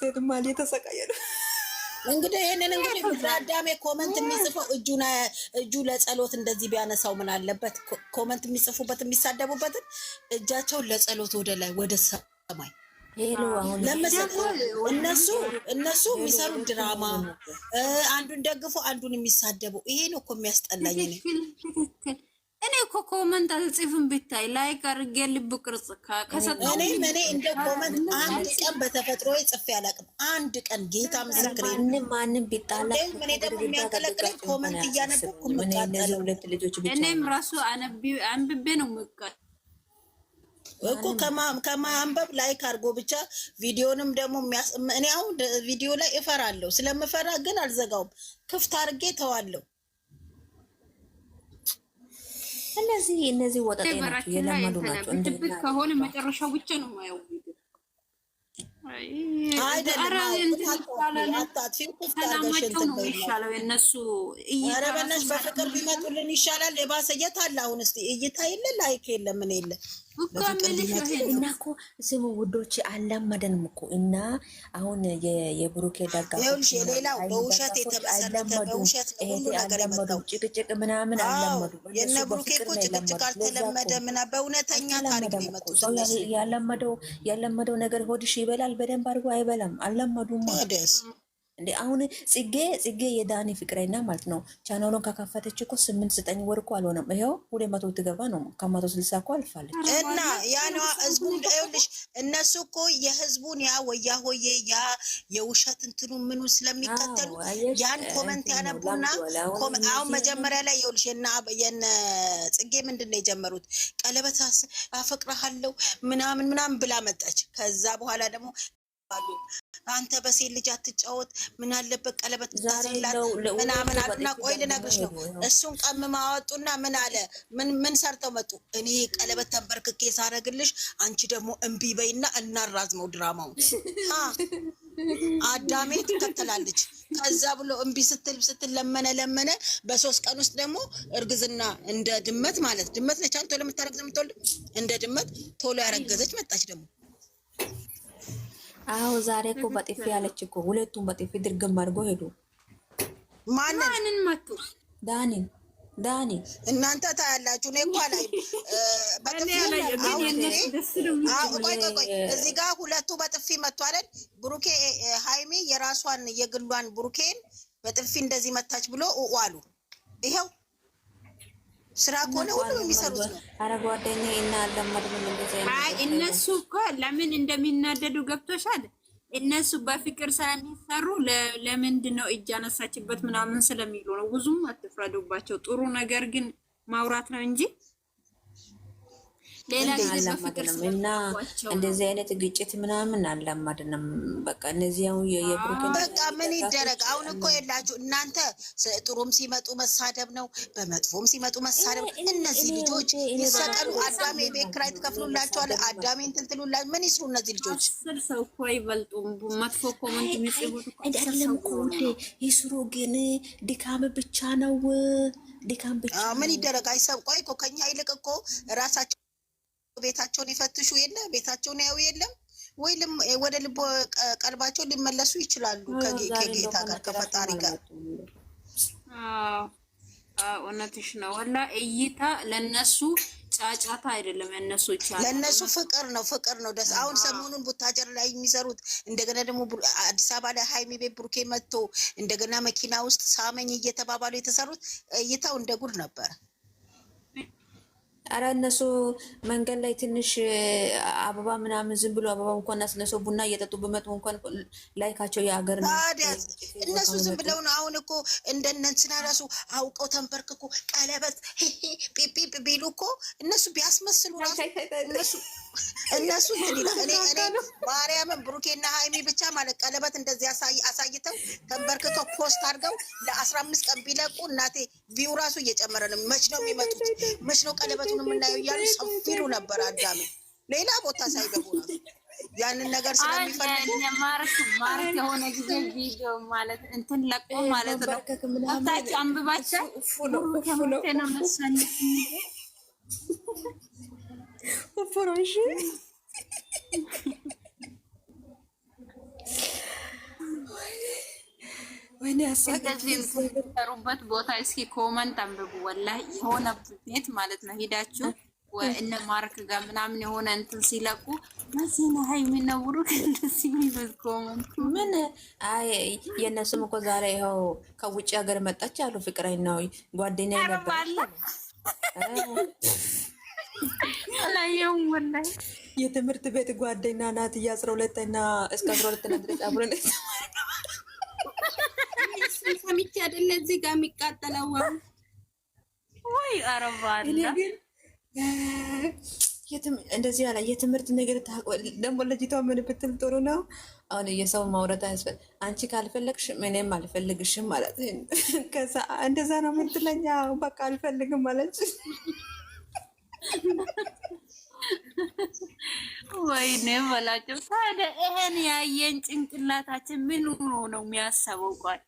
ሴትማ እየተሰቃየ ነው። እንግዲህ ይህንን እንግዲህ አዳሜ ኮመንት የሚጽፈው እጁ ለጸሎት እንደዚህ ቢያነሳው ምን አለበት? ኮመንት የሚጽፉበት የሚሳደቡበትን እጃቸውን ለጸሎት ወደ ላይ ወደ ሰማይ እነሱ እነሱ የሚሰሩ ድራማ አንዱን ደግፎ አንዱን የሚሳደቡ ይሄ ነው እኮ የሚያስጠላኝ። እኔ እኮ ኮመንት አልጽፍም። ብታይ ላይክ አድርጌ ልብ ቅርጽ ከሰጠሁ እኔ እንደ ኮመንት አንድ ቀን በተፈጥሮ ጽፌ አላውቅም። አንድ ቀን ጌታ ምስክር ነው። ማንም ቢጣላ እኔ ደግሞ የሚያንቀለቅለኝ ኮመንት እያነበብኩ የምቃጠለው እኔም ራሱ አንብቤ ነው ምቃ እኮ ከማንበብ ላይክ አድርጎ ብቻ ቪዲዮንም ደግሞ እኔ አሁን ቪዲዮ ላይ እፈራለሁ። ስለምፈራ ግን አልዘጋውም፣ ክፍት አድርጌ ተዋለሁ። እነዚህ እነዚህ ወጠጤ ናቸው፣ የለመዱ ናቸው። እንድብት ከሆነ መጨረሻው ብቻ ነው ማየው። በፍቅር ቢመጡልን ይሻላል። የባሰ የት አለ አሁን? እስኪ እይታ የለ ላይክ የለ ምን የለ እና እኮ ስሙ ውዶች አላመደንም እኮ እና አሁን የብሩኬ ደጋፊዎች ሌላው በውሸት የተመሰረተ በውሸት ሁሉ ነገር የመጣው ጭቅጭቅ ምናምን አላመዱ። የነ ብሩኬ እኮ ጭቅጭቅ አልተለመደ ምና በእውነተኛ ታሪክ ነው የመጡት። ያለመደው ነገር ሆድሽ ይበላል በደንብ አድርጎ አይበላም። አላመዱማ ደስ እንደ አሁን ጽጌ ጽጌ የዳኒ ፍቅረኛ ማለት ነው። ቻናሉን ከከፈተች እኮ ስምንት ዘጠኝ ወር እኮ አልሆነም። ይኸው ሁለት መቶ ትገባ ነው ከመቶ ስልሳ እኮ አልፋለች። እና ያኗ ህዝቡ ይኸውልሽ፣ እነሱ እኮ የህዝቡን ያ ወያ ሆዬ ያ የውሸት እንትኑ ምኑ ስለሚከተሉ ያን ኮመንት ያነቡና አሁን መጀመሪያ ላይ ይኸውልሽ፣ የነ ጽጌ ምንድን ነው የጀመሩት? ቀለበት አፈቅርሃለሁ ምናምን ምናምን ብላ መጣች። ከዛ በኋላ ደግሞ አሉ አንተ በሴት ልጅ አትጫወት፣ ምን አለበት ቀለበት ታስላት ምናምን አሉና፣ ቆይ ልነግርሽ ነው። እሱን ቀምም አወጡና ምን አለ ምን ሰርተው መጡ። እኔ ቀለበት ተንበርክኬ ሳረግልሽ፣ አንቺ ደግሞ እምቢ በይና እናራዝመው ድራማውን። አዳሜ ትከተላለች። ከዛ ብሎ እምቢ ስትል ስትል ለመነ ለመነ። በሶስት ቀን ውስጥ ደግሞ እርግዝና እንደ ድመት ማለት ድመት ነች፣ ቶሎ የምታረግዝ የምትወልድ እንደ ድመት ቶሎ ያረገዘች መጣች ደግሞ አዎ ዛሬ እኮ በጥፊ ያለች እኮ ሁለቱም በጥፊ ድርግም አድርጎ ሄዱ። ማንን መቱ? ዳኒን ዳኒ እናንተ ታያላችሁ። እኔ እኮ ላይ እዚህ ጋር ሁለቱ በጥፊ መቷለን። ብሩኬ ሃይሜ የራሷን የግሏን ብሩኬን በጥፊ እንደዚህ መታች ብሎ አሉ። ይኸው ስራ ከሆነ ሁሉም የሚሰሩት ነው። አረ ጓደኛዬ እና አይ እነሱ እኮ ለምን እንደሚናደዱ ገብቶሻል? እነሱ በፍቅር ስራ እንዲሰሩ ለምንድን ነው እጅ አነሳችበት ምናምን ስለሚሉ ነው። ብዙም አትፍረዱባቸው። ጥሩ ነገር ግን ማውራት ነው እንጂ እና እንደዚህ አይነት ግጭት ምናምን አላማድንም። በቃ እነዚያው በቃ ምን ይደረግ አሁን እኮ የላችሁ እናንተ። ጥሩም ሲመጡ መሳደብ ነው፣ በመጥፎም ሲመጡ መሳደብ እነዚህ ልጆች ይሰቀሉ። አዳሜ የቤት ኪራይ ትከፍሉላቸዋል፣ አዳሜ እንትን ምን ይስሩ እነዚህ ልጆች? ሰው እኮ አይበልጡም። መጥፎ ኮመንት አይደለም እኮ ውዴ፣ ይስሩ ግን ድካም ብቻ ነው። ድካም ብቻ ምን ይደረግ አይሰብ ቆይ እኮ ከኛ ይልቅ እኮ ራሳቸው ቤታቸውን ይፈትሹ የለ ቤታቸውን ያዩ የለም ወይ ወደ ልቦ ቀልባቸው ሊመለሱ ይችላሉ ከጌታ ጋር ከፈጣሪ ጋር። እውነትሽ ነው። ወላ እይታ ለነሱ ጫጫታ አይደለም፣ ለነሱ ለነሱ ፍቅር ነው፣ ፍቅር ነው ደስ አሁን ሰሞኑን ቡታጀር ላይ የሚሰሩት እንደገና ደግሞ አዲስ አበባ ላይ ሀይሚ ቤት ብሩኬ መጥቶ እንደገና መኪና ውስጥ ሳመኝ እየተባባሉ የተሰሩት እይታው እንደ ጉድ ነበር። አረ እነሱ መንገድ ላይ ትንሽ አበባ ምናምን ዝም ብሎ አበባ እንኳን አስነሰው ቡና እየጠጡ በመጡ እንኳን ላይካቸው የሀገር ነው። እነሱ ዝም ብለው ነው። አሁን እኮ እንደነንትና ራሱ አውቀው ተንበርክኮ ቀለበት ፒፒ ቢሉ እኮ እነሱ ቢያስመስሉ ራሱ እነሱ ማርያምን ብሩኬና ሀይሚ ብቻ ማለት ቀለበት እንደዚህ አሳይተው ተንበርክከው ፖስት አድርገው ለአስራ አምስት ቀን ቢለቁ እናቴ ቪው ራሱ እየጨመረ ነው። መች ነው የሚመጡት? መች ነው ቀለበቱን የምናየው እያሉ ሰፊሩ ነበር አዳሜ ሌላ ቦታ ሳይገቡ ነው ያንን ነገር ስለሚፈልጉ ማርክ ማርክ የሆነ ጊዜ ቪዲዮ ማለት እንትን ለቆ ማለት ነው ታች አንብባቸው ነው መሰል እፎ እንደዚህ የምትሰሩበት ቦታ እስኪ ኮመንት አንብቡ። ወላ የሆነ ቤት ማለት ነው ሄዳችሁ እነ ማርክ ጋር ምናምን የሆነ እንትን ሲለቁ መሲና ሀይሚና ብሩክ እንደዚህ የሚሉት ኮመንት ምን አይ የእነሱም እኮ ዛሬ ይኸው ከውጭ ሀገር መጣች አሉ። ፍቅረኝ ነው ጓደኛ ነበር አላየውም ወላሂ የትምህርት ቤት ጓደኛ ናት። እያ አስራ ሁለተኛ እስከ አስራ ሁለተኛ ድረስ አብረን ቃል ሰምቼ አይደለ እዚህ ጋር የሚቃጠለው ወይ አረባለ እንደዚህ የትምህርት ነገር ደግሞ ልጅቷ ምን ብትል ጥሩ ነው። አሁን የሰው ማውረት አያስፈል አንቺ ካልፈለግሽ እኔም አልፈልግሽም ማለት ከዛ እንደዛ ነው ምትለኛ። በቃ አልፈልግም ማለት ወይኔ በላቸው። ታዲያ ይሄን ያየን ጭንቅላታችን ምን ሆኖ ነው የሚያሰበው? ቋል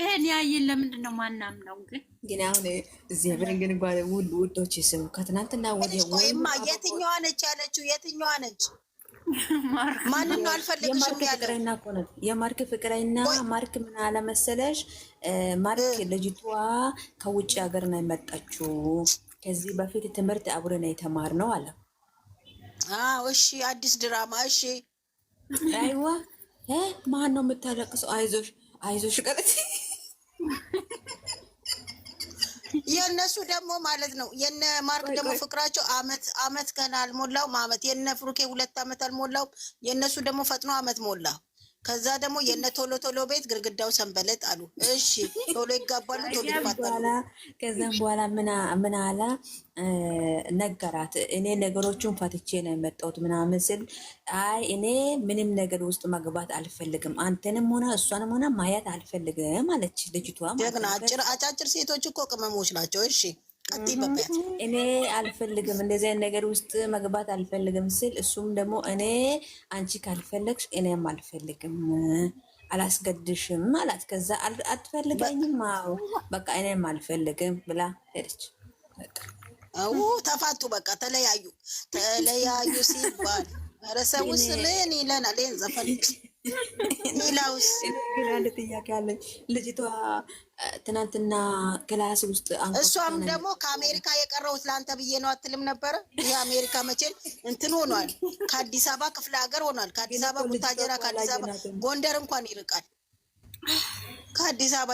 ይሄን ያየን ለምንድን ነው ማናም ነው ግን ግን አሁን እዚህ እግዚአብሔር ግን ጓ ውድ ውዶች ስሙ ከትናንትና ወዲያ ወይማ የትኛዋ ነች ያለችው? የትኛዋ ነች? ማንን ነው አልፈለግሽም ያለው? የማርክ ፍቅረኛ ማርክ ምን አለ መሰለሽ ማርክ ልጅቷ ከውጭ ሀገር ነው የመጣችው። ከዚህ በፊት ትምህርት አብረን ነው አለ። እሺ አዲስ ድራማ። እሺ አይዋ ማን ነው የምታለቅሰው? አይዞሽ አይዞሽ ቀረት የእነሱ ደግሞ ማለት ነው የነ ማርክ ደግሞ ፍቅራቸው አመት አመት ገና አልሞላውም። አመት የነ ፍሩኬ ሁለት አመት አልሞላውም። የእነሱ ደግሞ ፈጥኖ አመት ሞላው። ከዛ ደግሞ የነ ቶሎ ቶሎ ቤት ግርግዳው ሰንበለጥ አሉ። እሺ ቶሎ ይጋባሉ፣ ቶሎ ይፋታሉ። ከዛም በኋላ ምን አላ ነገራት። እኔ ነገሮቹን ፈትቼ ነው የመጣሁት ምናምን ስል አይ እኔ ምንም ነገር ውስጥ መግባት አልፈልግም፣ አንተንም ሆነ እሷንም ሆነ ማየት አልፈልግም አለች ልጅቷ። አጭር አጫጭር ሴቶች እኮ ቅመሞች ናቸው። እሺ እኔ አልፈልግም እንደዚህ አይነት ነገር ውስጥ መግባት አልፈልግም ስል እሱም ደግሞ እኔ አንቺ ካልፈለግሽ እኔም አልፈልግም አላስገድሽም አላት። ከዛ አትፈልገኝም ው በቃ እኔም አልፈልግም ብላ ሄደች። አዎ ተፋቱ፣ በቃ ተለያዩ። ተለያዩ ሲባል ረሰውስ ሌን ይለናል ሌን ዘፈን ሌላውስ ግን አንድ ጥያቄ አለኝ። ልጅቷ ትናንትና ክላስ ውስጥ እሷም ደግሞ ከአሜሪካ የቀረሁት ለአንተ ብዬ ነው አትልም ነበረ። ይህ አሜሪካ መቼም እንትን ሆኗል፣ ከአዲስ አበባ ክፍለ ሀገር ሆኗል። ከአዲስ አበባ ቡታጀራ፣ ከአዲስ አበባ ጎንደር እንኳን ይርቃል። ከአዲስ አበባ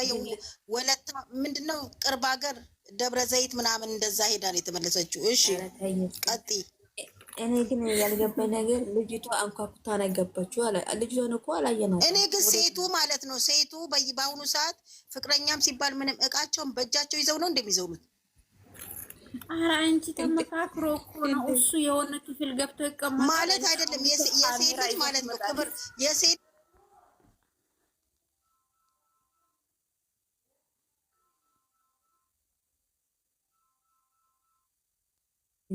ወለታ ምንድነው ቅርብ ሀገር ደብረ ዘይት ምናምን እንደዛ ሄዳ ነው የተመለሰችው። እሺ ቀጥይ እኔ ግን ያልገባኝ ነገር ልጅቷ አንኳኩታ ነው የገባችው። ልጅቷን እኮ አላየነው። እኔ ግን ሴቱ ማለት ነው ሴቱ በአሁኑ ሰዓት ፍቅረኛም ሲባል ምንም እቃቸውን በእጃቸው ይዘው ነው እንደሚዘውሉት። ኧረ አንቺ ተመካክሮ እኮ ነው እሱ የሆነ ክፍል ገብቶ ይቀማል ማለት አይደለም። የሴት ልጅ ማለት ነው ክብር የሴት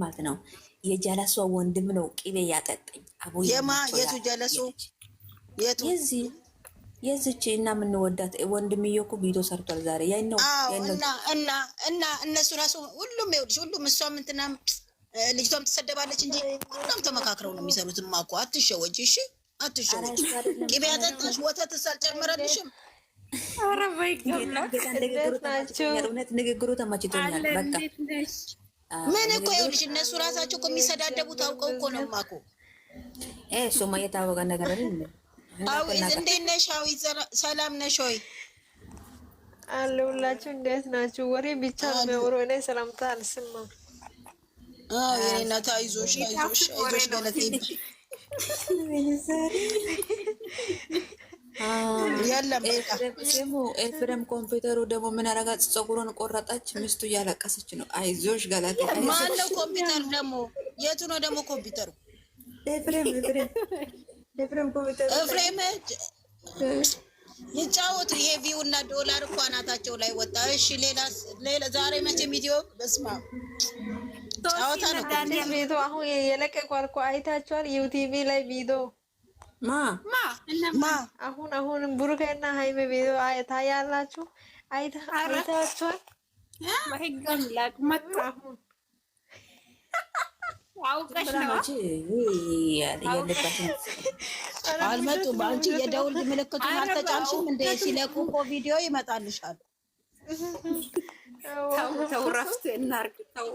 ማለት ነው። የጃለሷ ወንድም ነው ቅቤ ያጠጠኝ አቡ የማ የቱ ጃለሱ የቱ የዚህ የዚች እና የምንወዳት ወንድምዬ እኮ ቪዲዮ ሰርቷል ዛሬ ያ ነው እና እና እና እነሱ ራሱ ሁሉም ይኸውልሽ፣ ሁሉም እሷም እንትናም ልጅቷም ትሰደባለች እንጂ ሁሉም ተመካክረው ነው የሚሰሩት። ማኮ አትሸወጂ፣ እሺ አትሸወጂ። ቅቤ ያጠጣሽ ወተትስ አልጨመረልሽም? ኧረ በይ ገና እንደገና ንግግሩ ተመችቶኛል በቃ ምን እኮ ይኸውልሽ፣ እነሱ ራሳቸው እኮ የሚሰዳደቡት አውቀው እኮ ነው። ማኮ እሱማ የታወቀ ነገር እንዴት ነሽ? አዊዝ ሰላም ነሽ ወይ? አለሁላችሁ። እንዴት ናችሁ? ወሬ ብቻ የሚያወሩ እኔ ሰላምታ አልሰማም። የእናት አይዞሽ፣ አይዞሽ፣ አይዞሽ ማለት ይባል ኤፍሬም ኮምፒውተሩ ደግሞ ምን አረጋት? ፀጉሩን ቆረጠች። ሚስቱ እያለቀሰች ነው። አይዞሽ ገላቴ። ማነው ኮምፒውተር ደግሞ የቱ ነው ደግሞ ኮምፒውተሩ? ኤፍሬም ኤፍሬም ይጫወቱ። የቪው እና ዶላር እኮ አናታቸው ላይ ወጣ። እሺ ሌላ ዛሬ መቼም ኢትዮ በስማ ጫወታ ነው። ቤቱ አሁን የለቀቋል እኮ አይታችኋል። ዩቲቪ ላይ ቪዲዮ ማ ማ አሁን አሁን ብሩኬና ሃይሜ ቤት ታያላችሁ። አይታችኋል። በህግ አምላክ መጣ። አሁን አውቀሽ ነው አልመጡም። አንቺ የደውል ምልክቱን አልተጫንሽም እንደ ሲለቁ እኮ ቪዲዮ ይመጣልሻል። ተው ተው፣ ረፍት እናርግ። ተው